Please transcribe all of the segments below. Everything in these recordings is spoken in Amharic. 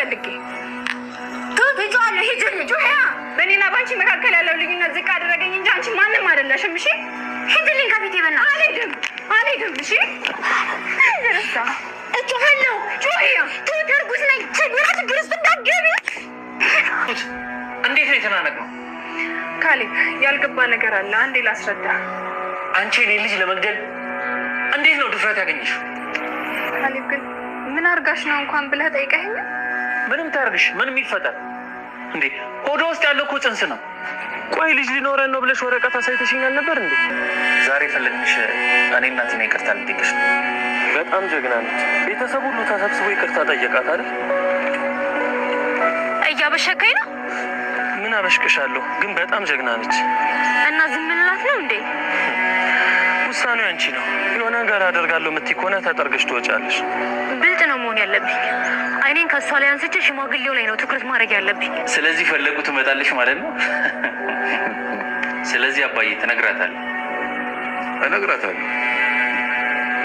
ፈልጌ ትውጫለሽ። ሂጂልኝ ጆያ በእኔና ባንቺ መካከል ያለው ልዩነት ዝቅ አደረገኝ እንጂ አንቺ ማንም አይደለሽም። እሺ ሂጂልኝ ከፊቴ። በና አልሄድም፣ አልሄድም። እሺ ረሳ እጮሃለሁ። ጆያ ትውት፣ እርጉዝ ነኝ። ችግራ ችግር ውስጥ እንዳትገቢ። እንዴት ነው የተናነቅነው? ካሌብ ያልገባ ነገር አለ። አንዴ ላስረዳ። አንቺ እኔ ልጅ ለመግደል እንዴት ነው ድፍረት ያገኘሽው? ካሌብ ግን ምን አርጋሽ ነው እንኳን ብለህ ጠይቀኸኝ። ምንም ታርግሽ ምንም ይፈጠር እንዴ ሆዷ ውስጥ ያለው እኮ ጽንስ ነው። ቆይ ልጅ ሊኖረን ነው ብለሽ ወረቀት አሳይተሽኛል ነበር እንዴ? ዛሬ ፈለግሽ እኔ እናትና ይቅርታ ልጠይቅሽ። በጣም ጀግና ነች። ቤተሰብ ሁሉ ተሰብስቦ ይቅርታ ጠየቃት አይደል? እያበሸከኝ ነው። ምን አበሽቅሻለሁ? ግን በጣም ጀግና ነች እና ዝም ልላት ነው እንዴ? ውሳኔው አንቺ ነው። የሆነ ነገር አደርጋለሁ የምትይ ከሆነ ተጠርገሽ ትወጫለሽ። ብልጥ ነው መሆን ያለብኝ አይኔን ከሷ ላይ አንስቼ ሽማግሌው ላይ ነው ትኩረት ማድረግ ያለብኝ። ስለዚህ ፈለጉ ትመጣለሽ ማለት ነው። ስለዚህ አባዬ ትነግራታለህ። እነግራታለሁ።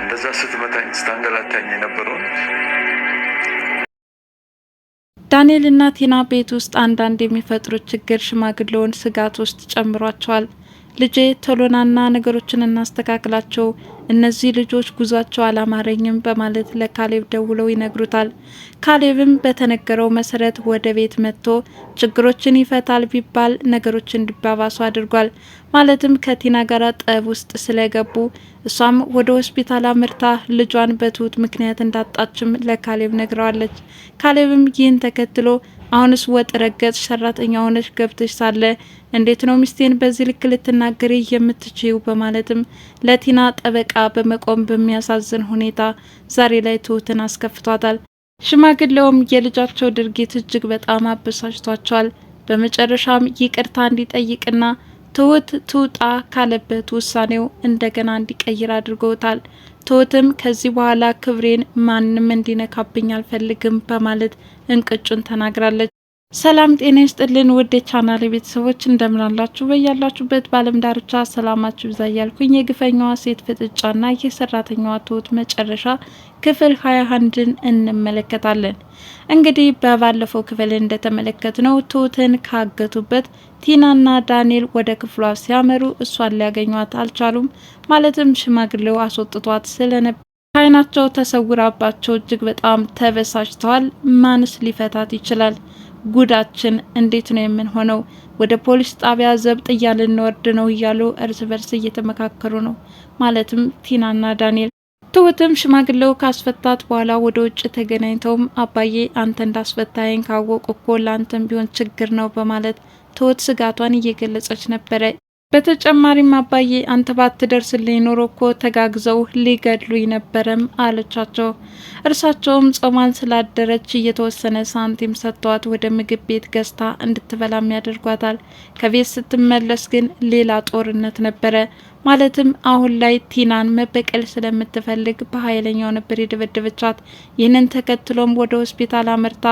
እንደዛ ስትመታኝ ስታንገላታኝ የነበረው ዳንኤል እና ቲና ቤት ውስጥ አንዳንድ የሚፈጥሩት ችግር ሽማግሌውን ስጋት ውስጥ ጨምሯቸዋል። ልጄ ቶሎናና ነገሮችን እናስተካክላቸው፣ እነዚህ ልጆች ጉዟቸው አላማረኝም በማለት ለካሌብ ደውለው ይነግሩታል። ካሌብም በተነገረው መሰረት ወደ ቤት መጥቶ ችግሮችን ይፈታል ቢባል ነገሮች እንዲባባሱ አድርጓል። ማለትም ከቲና ጋር ጠብ ውስጥ ስለገቡ እሷም ወደ ሆስፒታል አምርታ ልጇን በትሁት ምክንያት እንዳጣችም ለካሌብ ነግረዋለች። ካሌብም ይህን ተከትሎ አሁንስ ወጥ ረገጥ ሰራተኛ ሆነች ገብተሽ ሳለ እንዴት ነው ሚስቴን በዚህ ልክ ልትናገሪ የምትችው? በማለትም ለቲና ጠበቃ በመቆም በሚያሳዝን ሁኔታ ዛሬ ላይ ትሁትን አስከፍቷታል። ሽማግሌውም የልጃቸው ድርጊት እጅግ በጣም አበሳጭቷቸዋል። በመጨረሻም ይቅርታ እንዲጠይቅና ትሁት ትውጣ ካለበት ውሳኔው እንደገና እንዲቀይር አድርገውታል። ትሁትም ከዚህ በኋላ ክብሬን ማንም እንዲነካብኝ አልፈልግም በማለት እንቅጩን ተናግራለች። ሰላም ጤና ይስጥልን ውድ የቻናሌ ቤተሰቦች እንደምናላችሁ በያላችሁበት በአለም ዳርቻ ሰላማችሁ ይብዛ እያልኩኝ የግፈኛዋ ሴት ፍጥጫና የሰራተኛዋ ትሁት መጨረሻ ክፍል ሀያ አንድን እንመለከታለን። እንግዲህ በባለፈው ክፍል እንደተመለከትነው ትሁትን ካገቱበት ቲናና ዳንኤል ወደ ክፍሏ ሲያመሩ እሷን ሊያገኟት አልቻሉም። ማለትም ሽማግሌው አስወጥቷት ስለነበር ከአይናቸው ተሰውራባቸው እጅግ በጣም ተበሳጭተዋል። ማንስ ሊፈታት ይችላል? ጉዳችን እንዴት ነው የምንሆነው? ወደ ፖሊስ ጣቢያ ዘብጥ እያልንወርድ ነው እያሉ እርስ በርስ እየተመካከሩ ነው። ማለትም ቲናና ዳንኤል። ትሁትም ሽማግሌው ካስፈታት በኋላ ወደ ውጭ ተገናኝተውም አባዬ አንተ እንዳስፈታኝ ካወቁ እኮ ለአንተም ቢሆን ችግር ነው በማለት ትሁት ስጋቷን እየገለጸች ነበረ። በተጨማሪም አባዬ አንተ ባትደርስልኝ ኖሮ እኮ ተጋግዘው ሊገድሉኝ ነበረም አለቻቸው። እርሳቸውም ጾሟን ስላደረች እየተወሰነ ሳንቲም ሰጥተዋት ወደ ምግብ ቤት ገዝታ እንድትበላም ያደርጓታል። ከቤት ስትመለስ ግን ሌላ ጦርነት ነበረ። ማለትም አሁን ላይ ቲናን መበቀል ስለምትፈልግ በኃይለኛው ነበር የደበደበቻት። ይህንን ተከትሎም ወደ ሆስፒታል አመርታ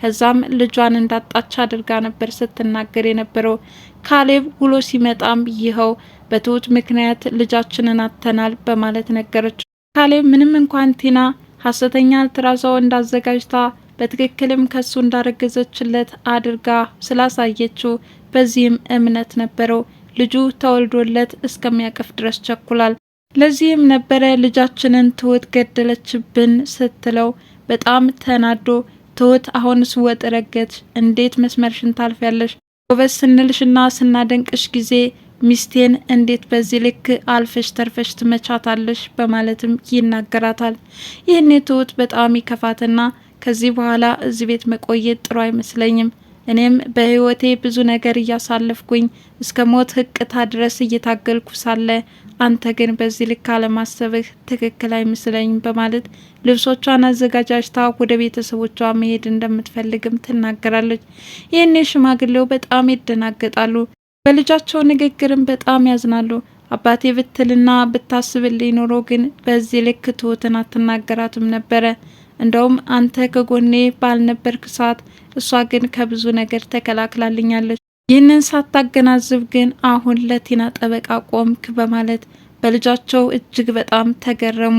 ከዛም ልጇን እንዳጣች አድርጋ ነበር ስትናገር የነበረው። ካሌብ ውሎ ሲመጣም ይኸው በትሁት ምክንያት ልጃችንን አጥተናል በማለት ነገረች። ካሌብ ምንም እንኳን ቲና ሀሰተኛ አልትራዞ እንዳዘጋጅታ በትክክልም ከሱ እንዳረገዘችለት አድርጋ ስላሳየችው በዚህም እምነት ነበረው። ልጁ ተወልዶለት እስከሚያቅፍ ድረስ ቸኩላል። ለዚህም ነበረ ልጃችንን ትሁት ገደለችብን ስትለው በጣም ተናዶ ትሁት አሁን ስወጥ ረገች፣ እንዴት መስመርሽን ታልፊያለሽ? ጎበዝ ስንልሽና ስናደንቅሽ ጊዜ ሚስቴን እንዴት በዚህ ልክ አልፈሽ ተርፈሽ ትመቻታለሽ? በማለትም ይናገራታል። ይህኔ ትሁት በጣም ይከፋትና ከዚህ በኋላ እዚህ ቤት መቆየት ጥሩ አይመስለኝም እኔም በህይወቴ ብዙ ነገር እያሳለፍኩኝ እስከ ሞት ህቅታ ድረስ እየታገልኩ ሳለ አንተ ግን በዚህ ልክ አለማሰብህ ትክክል አይመስለኝም በማለት ልብሶቿን አዘጋጃጅታ ወደ ቤተሰቦቿ መሄድ እንደምትፈልግም ትናገራለች። ይህኔ ሽማግሌው በጣም ይደናገጣሉ። በልጃቸው ንግግርም በጣም ያዝናሉ። አባቴ ብትልና ብታስብልኝ ኖሮ ግን በዚህ ልክ ትሁትን አትናገራትም ነበረ እንደውም አንተ ከጎኔ ባልነበርክ ሰዓት እሷ ግን ከብዙ ነገር ተከላክላልኛለች። ይህንን ሳታገናዝብ ግን አሁን ለቲና ጠበቃ ቆምክ በማለት በልጃቸው እጅግ በጣም ተገረሙ።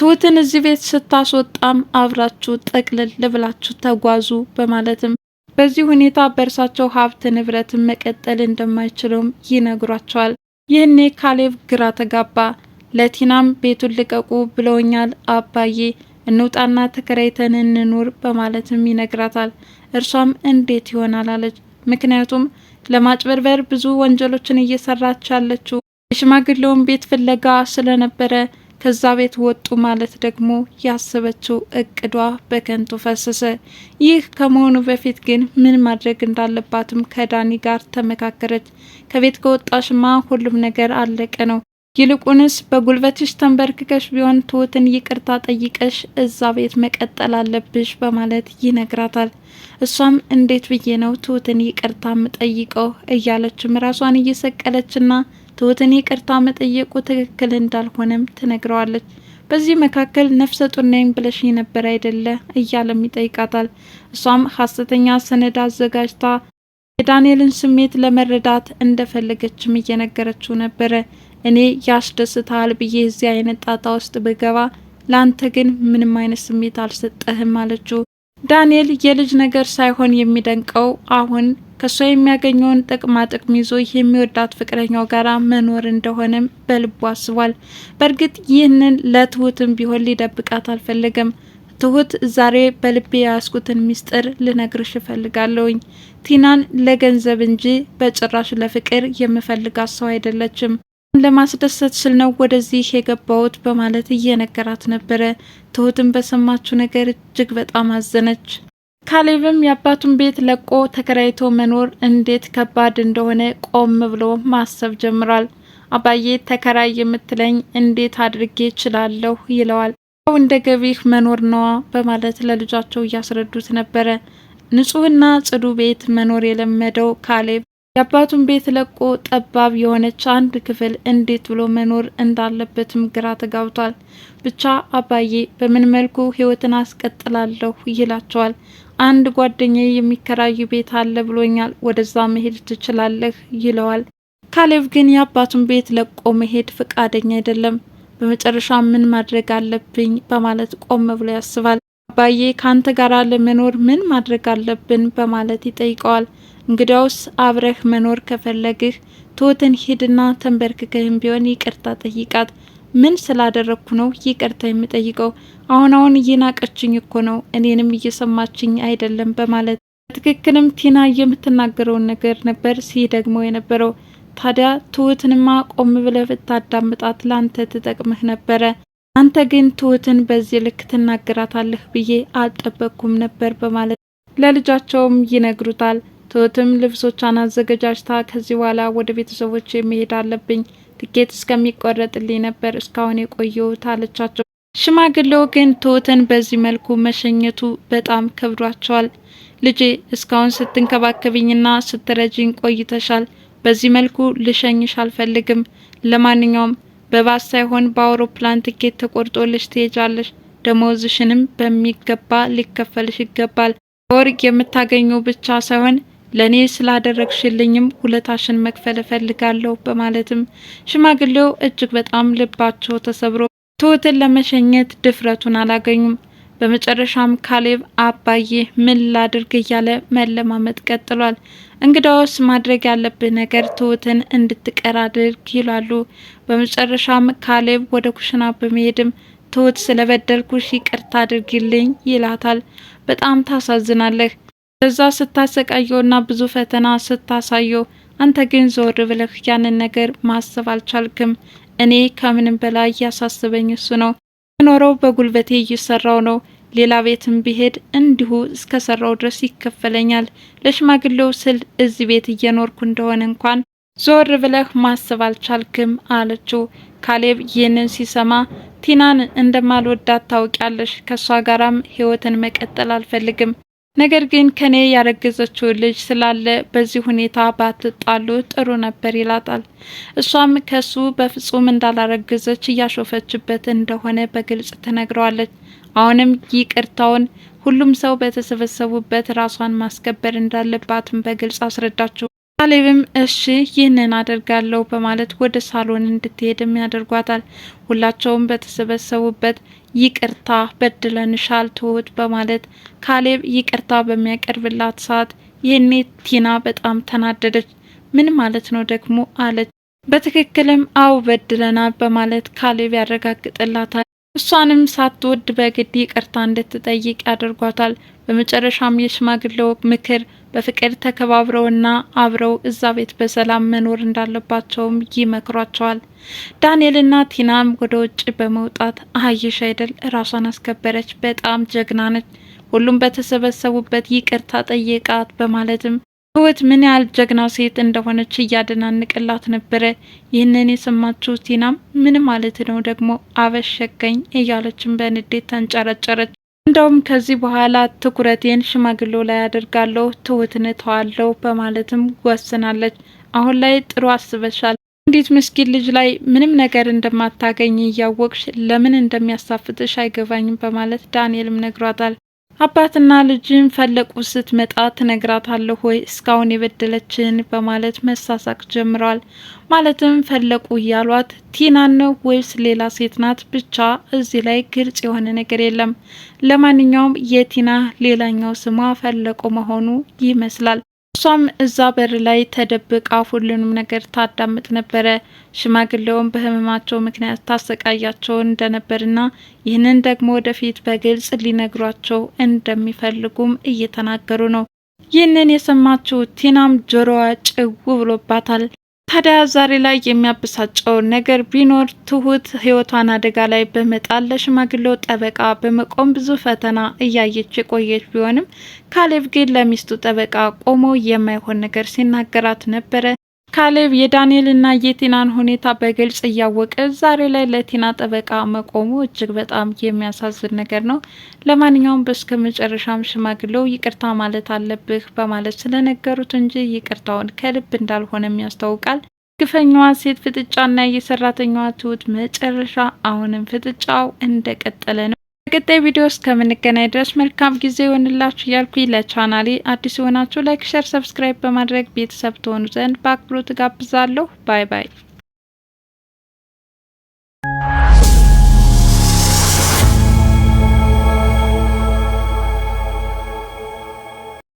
ትሁትን እዚህ ቤት ስታስወጣም አብራችሁ ጠቅልል ብላችሁ ተጓዙ በማለትም በዚህ ሁኔታ በእርሳቸው ሀብት ንብረትን መቀጠል እንደማይችለውም ይነግሯቸዋል። ይህኔ ካሌብ ግራ ተጋባ። ለቲናም ቤቱን ልቀቁ ብለውኛል አባዬ እንውጣና ተከራይተን እንኑር በማለትም ይነግራታል። እርሷም እንዴት ይሆናል አለች። ምክንያቱም ለማጭበርበር ብዙ ወንጀሎችን እየሰራች ያለችው የሽማግሌውን ቤት ፍለጋ ስለነበረ ከዛ ቤት ወጡ ማለት ደግሞ ያሰበችው እቅዷ በከንቱ ፈሰሰ። ይህ ከመሆኑ በፊት ግን ምን ማድረግ እንዳለባትም ከዳኒ ጋር ተመካከረች። ከቤት ከወጣሽማ ሁሉም ነገር አለቀ ነው ይልቁንስ በጉልበትሽ ተንበርክከሽ ቢሆን ትሁትን ይቅርታ ጠይቀሽ እዛ ቤት መቀጠል አለብሽ በማለት ይነግራታል። እሷም እንዴት ብዬ ነው ትሁትን ይቅርታ ምጠይቀው እያለችም ራሷን እየሰቀለችና ትሁትን ይቅርታ መጠየቁ ትክክል እንዳልሆነም ትነግረዋለች። በዚህ መካከል ነፍሰ ጡር ነኝ ብለሽ የነበረ አይደለ እያለም ይጠይቃታል። እሷም ሀሰተኛ ሰነድ አዘጋጅታ የዳንኤልን ስሜት ለመረዳት እንደፈለገችም እየነገረችው ነበረ። እኔ ያስደስታል ብዬ እዚህ አይነት ጣጣ ውስጥ ብገባ ለአንተ ግን ምንም አይነት ስሜት አልሰጠህም አለችው። ዳንኤል የልጅ ነገር ሳይሆን የሚደንቀው አሁን ከእሷ የሚያገኘውን ጥቅማ ጥቅም ይዞ የሚወዳት ፍቅረኛው ጋር መኖር እንደሆነም በልቡ አስቧል። በእርግጥ ይህንን ለትሁትም ቢሆን ሊደብቃት አልፈለገም። ትሁት ዛሬ በልቤ የያዝኩትን ምስጢር ልነግርሽ እፈልጋለሁኝ። ቲናን ለገንዘብ እንጂ በጭራሽ ለፍቅር የምፈልጋት ሰው አይደለችም። ለማስደሰት ስል ነው ወደዚህ የገባሁት በማለት እየነገራት ነበረ። ትሁትም በሰማችው ነገር እጅግ በጣም አዘነች። ካሌብም የአባቱን ቤት ለቆ ተከራይቶ መኖር እንዴት ከባድ እንደሆነ ቆም ብሎ ማሰብ ጀምሯል። አባዬ ተከራይ የምትለኝ እንዴት አድርጌ እችላለሁ? ይለዋል። ያው እንደ ገቢህ መኖር ነዋ በማለት ለልጃቸው እያስረዱት ነበረ። ንጹህና ጽዱ ቤት መኖር የለመደው ካሌብ የአባቱን ቤት ለቆ ጠባብ የሆነች አንድ ክፍል እንዴት ብሎ መኖር እንዳለበትም ግራ ተጋብቷል። ብቻ አባዬ በምን መልኩ ሕይወትን አስቀጥላለሁ ይላቸዋል። አንድ ጓደኛዬ የሚከራዩ ቤት አለ ብሎኛል፣ ወደዛ መሄድ ትችላለህ ይለዋል። ካሌብ ግን የአባቱን ቤት ለቆ መሄድ ፈቃደኛ አይደለም። በመጨረሻ ምን ማድረግ አለብኝ በማለት ቆም ብሎ ያስባል። አባዬ ከአንተ ጋር ለመኖር ምን ማድረግ አለብን በማለት ይጠይቀዋል። እንግዳውስ አብረህ መኖር ከፈለግህ ትሁትን ሂድና ተንበርክከህም ቢሆን ይቅርታ ጠይቃት። ምን ስላደረግኩ ነው ይቅርታ የምጠይቀው? አሁን አሁን እየናቀችኝ እኮ ነው፣ እኔንም እየሰማችኝ አይደለም በማለት በትክክልም ቲና የምትናገረውን ነገር ነበር ደግሞ የነበረው። ታዲያ ትሁትንማ ቆም ብለህ ብታዳምጣት ለአንተ ትጠቅምህ ነበረ። አንተ ግን ትሁትን በዚህ ልክ ትናገራታለህ ብዬ አልጠበቅኩም ነበር በማለት ለልጃቸውም ይነግሩታል። ትሁትም ልብሶቿን አዘገጃጅታ ከዚህ በኋላ ወደ ቤተሰቦች መሄድ አለብኝ፣ ትኬት እስከሚቆረጥልኝ ነበር እስካሁን የቆየሁት አለቻቸው። ሽማግሌው ግን ትሁትን በዚህ መልኩ መሸኘቱ በጣም ከብዷቸዋል። ልጄ እስካሁን ስትንከባከብኝና ስትረጅኝ ቆይተሻል። በዚህ መልኩ ልሸኝሽ አልፈልግም። ለማንኛውም በባስ ሳይሆን በአውሮፕላን ትኬት ተቆርጦልሽ ትሄጃለሽ። ደሞዝሽንም በሚገባ ሊከፈልሽ ይገባል። በወርቅ የምታገኙ ብቻ ሳይሆን ለእኔ ስላደረግሽልኝም ውለታሽን መክፈል እፈልጋለሁ በማለትም ሽማግሌው እጅግ በጣም ልባቸው ተሰብሮ ትሁትን ለመሸኘት ድፍረቱን አላገኙም። በመጨረሻም ካሌብ አባዬ ምን ላድርግ እያለ መለማመጥ ቀጥሏል። እንግዳውስ ማድረግ ያለብህ ነገር ትሁትን እንድትቀር አድርግ ይላሉ። በመጨረሻም ካሌብ ወደ ኩሽና በመሄድም ትሁት ስለበደልኩሽ ይቅርታ አድርግልኝ ይላታል። በጣም ታሳዝናለህ እዛ ስታሰቃየውና ብዙ ፈተና ስታሳየው፣ አንተ ግን ዞር ብለህ ያንን ነገር ማሰብ አልቻልክም። እኔ ከምንም በላይ ያሳስበኝ እሱ ነው። የኖረው በጉልበቴ እየሰራው ነው። ሌላ ቤትም ቢሄድ እንዲሁ እስከ ሰራው ድረስ ይከፈለኛል። ለሽማግሌው ስል እዚህ ቤት እየኖርኩ እንደሆነ እንኳን ዞር ብለህ ማሰብ አልቻልክም አለችው። ካሌብ ይህንን ሲሰማ ቲናን እንደማልወዳት ታውቂያለሽ፣ ከእሷ ጋራም ህይወትን መቀጠል አልፈልግም ነገር ግን ከኔ ያረገዘችው ልጅ ስላለ በዚህ ሁኔታ ባትጣሉ ጥሩ ነበር ይላታል። እሷም ከሱ በፍጹም እንዳላረገዘች እያሾፈችበት እንደሆነ በግልጽ ትነግረዋለች። አሁንም ይቅርታውን ሁሉም ሰው በተሰበሰቡበት ራሷን ማስከበር እንዳለባትም በግልጽ አስረዳቸው። ካሌብም እሺ ይህንን አደርጋለሁ በማለት ወደ ሳሎን እንድትሄድም ያደርጓታል። ሁላቸውም በተሰበሰቡበት ይቅርታ በድለንሻል ትሁት በማለት ካሌብ ይቅርታ በሚያቀርብላት ሰዓት ይህኔ ቲና በጣም ተናደደች። ምን ማለት ነው ደግሞ አለች። በትክክልም አው በድለናል በማለት ካሌብ ያረጋግጥላታል። እሷንም ሳትወድ በግድ ይቅርታ እንድትጠይቅ ያደርጓታል። በመጨረሻም የሽማግሌው ምክር በፍቅር ተከባብረውና አብረው እዛ ቤት በሰላም መኖር እንዳለባቸውም ይመክሯቸዋል። ዳንኤልና ቲናም ወደ ውጭ በመውጣት አህይሽ አይደል ራሷን አስከበረች፣ በጣም ጀግና ነች፣ ሁሉም በተሰበሰቡበት ይቅርታ ጠየቃት በማለትም ህይወት ምን ያህል ጀግና ሴት እንደሆነች እያደናንቅላት ነበረ። ይህንን የሰማችው ቲናም ምን ማለት ነው ደግሞ አበሸገኝ እያለችን በንዴት ተንጨረጨረች። እንደውም ከዚህ በኋላ ትኩረቴን ሽማግሎ ላይ አድርጋለሁ ትሁትን በማለትም ወስናለች። አሁን ላይ ጥሩ አስበሻል። እንዴት ምስኪን ልጅ ላይ ምንም ነገር እንደማታገኝ እያወቅሽ ለምን እንደሚያሳፍጥሽ አይገባኝም በማለት ዳንኤልም ነግሯታል። አባትና ልጅን ፈለቁ ስትመጣ ትነግራታለሁ ወይ እስካሁን የበደለችን በማለት መሳሳቅ ጀምረዋል። ማለትም ፈለቁ እያሏት ቲናን ነው ወይስ ሌላ ሴት ናት? ብቻ እዚህ ላይ ግልጽ የሆነ ነገር የለም። ለማንኛውም የቲና ሌላኛው ስሟ ፈለቁ መሆኑ ይመስላል። እሷም እዛ በር ላይ ተደብቃ ሁሉንም ነገር ታዳምጥ ነበረ። ሽማግሌውን በህመማቸው ምክንያት ታሰቃያቸው እንደነበርና ይህንን ደግሞ ወደፊት በግልጽ ሊነግሯቸው እንደሚፈልጉም እየተናገሩ ነው። ይህንን የሰማችው ቲናም ጆሮዋ ጭው ብሎባታል። ታዲያ ዛሬ ላይ የሚያበሳጨው ነገር ቢኖር ትሁት ህይወቷን አደጋ ላይ በመጣል ለሽማግሌው ጠበቃ በመቆም ብዙ ፈተና እያየች የቆየች ቢሆንም ካሌብ ግን ለሚስቱ ጠበቃ ቆሞ የማይሆን ነገር ሲናገራት ነበረ። ካሌብ የዳንኤልና የቲናን ሁኔታ በግልጽ እያወቀ ዛሬ ላይ ለቲና ጠበቃ መቆሙ እጅግ በጣም የሚያሳዝን ነገር ነው። ለማንኛውም በስከ መጨረሻም ሽማግሌው ይቅርታ ማለት አለብህ በማለት ስለነገሩት እንጂ ይቅርታውን ከልብ እንዳልሆነም ያስታውቃል። ግፈኛዋ ሴት ፍጥጫና የሰራተኛዋ ትሁት መጨረሻ አሁንም ፍጥጫው እንደቀጠለ ነው። በቀጣይ ቪዲዮ እስከምንገናኝ ድረስ መልካም ጊዜ ይሆንላችሁ እያልኩኝ ለቻናሌ አዲስ የሆናችሁ ላይክ፣ ሸር፣ ሰብስክራይብ በማድረግ ቤተሰብ ትሆኑ ዘንድ በአክብሮት ጋብዛለሁ። ባይ ባይ።